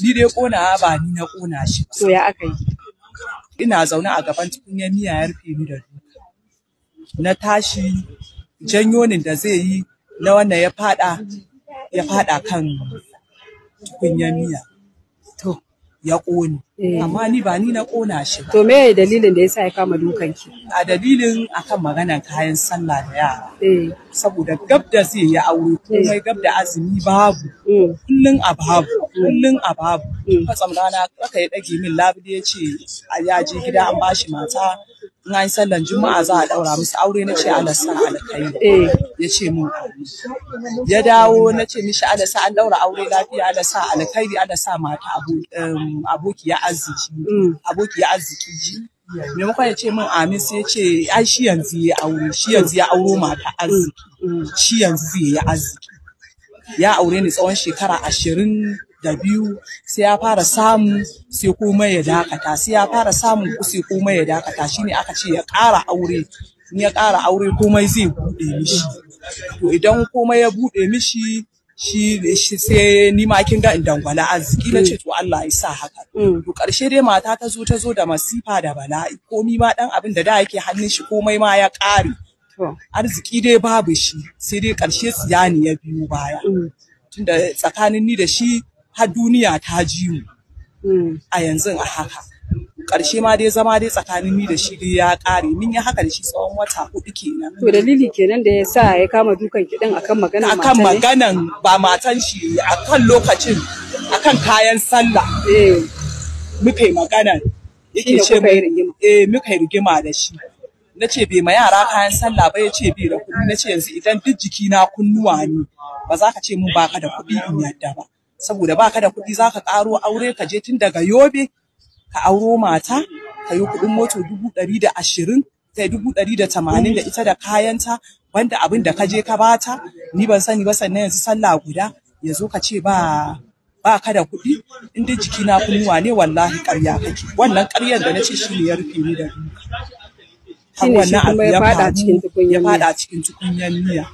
ni dai ƙona ba ni na ƙona shi to ya aka yi ina zaune a gaban tukunyar miya ya rufe ni da duka na tashi janyo ni da zai yi na wannan ya fada ya fada kan tukunyar miya to ya ƙone. Eh. Amma ni ba ni na ƙona shi ba. To me dalilin da ya sa ya kama dukanki? A dalilin akan maganar kayan sallah da yara. Eh. Saboda gab da zai yi aure eh. komai gab da azumi babu. Mm. Kullum a babu. Mm. Kullum a babu. Mm. Kwatsam rana aka ya ɗage min labule ya ce ya je gida an bashi mata in an sallan juma'a za a daura musu aure na ce Allah san alkai eh. ya ce mun ya dawo na ce mishi Allah sa an daura aure lafiya Allah sa alkai Allah sa mata aboki ya arziki mm. aboki ya arziki ji maimakon ya ce mun amin sai ya ce ai shi yanzu ya aure shi yanzu ya auro mata arziki mm. Mm. shi yanzu zai yi arziki ya aure ni tsawon shekara ashirin da biyu sai ya fara samu sai kuma ya dakata sai ya fara samun sai kuma ya dakata shine aka ce ya ƙara aure in ya ƙara aure komai zai buɗe mishi to idan komai ya buɗe mishi shi sai ni ma kin ga in dangwala arziki na ce to Allah ya sa haka mm. to karshe dai mata ta zo ta zo da masifa da bala'i komi ma dan abin da da yake hannun shi komai ma ya ƙare arziki dai babu shi sai dai karshe tsiyani ya biyo baya mm. tunda tsakanin ni da shi har duniya ta ji mu hmm. a yanzu a haka karshe ma dai zama dai tsakanin ni da shi dai ya kare min ya haka da shi tsawon wata hudu kenan to dalili kenan da ya sa ya kama dukan kidan akan maganan akan maganan ba matan shi akan lokacin akan kayan sallah eh. muka yi magana yake ce eh muka yi rigima da shi na ce bai ma yara kayan sallah ba ya ce bai da kuɗi na ce yanzu idan duk jikina kunnuwa ne ba za ka ce mun baka da kuɗi in yadda ba saboda baka da kuɗi zaka ƙaro aure ka je tun daga yobe ka auro mata ka yi kuɗin moto dubu ɗari da ashirin ta dubu ɗari da tamanin da ita da kayanta wanda abin da ka je ka bata ni ban sani ba sannan yanzu sallah guda ya zo ka ce ba ba ka da kuɗi in dai jikina kunnuwa ne wallahi ƙarya kake wannan ƙaryar da na ce shi ne ya rufe ni da ruka. Shi ne shi ya faɗa cikin tukunyan miya.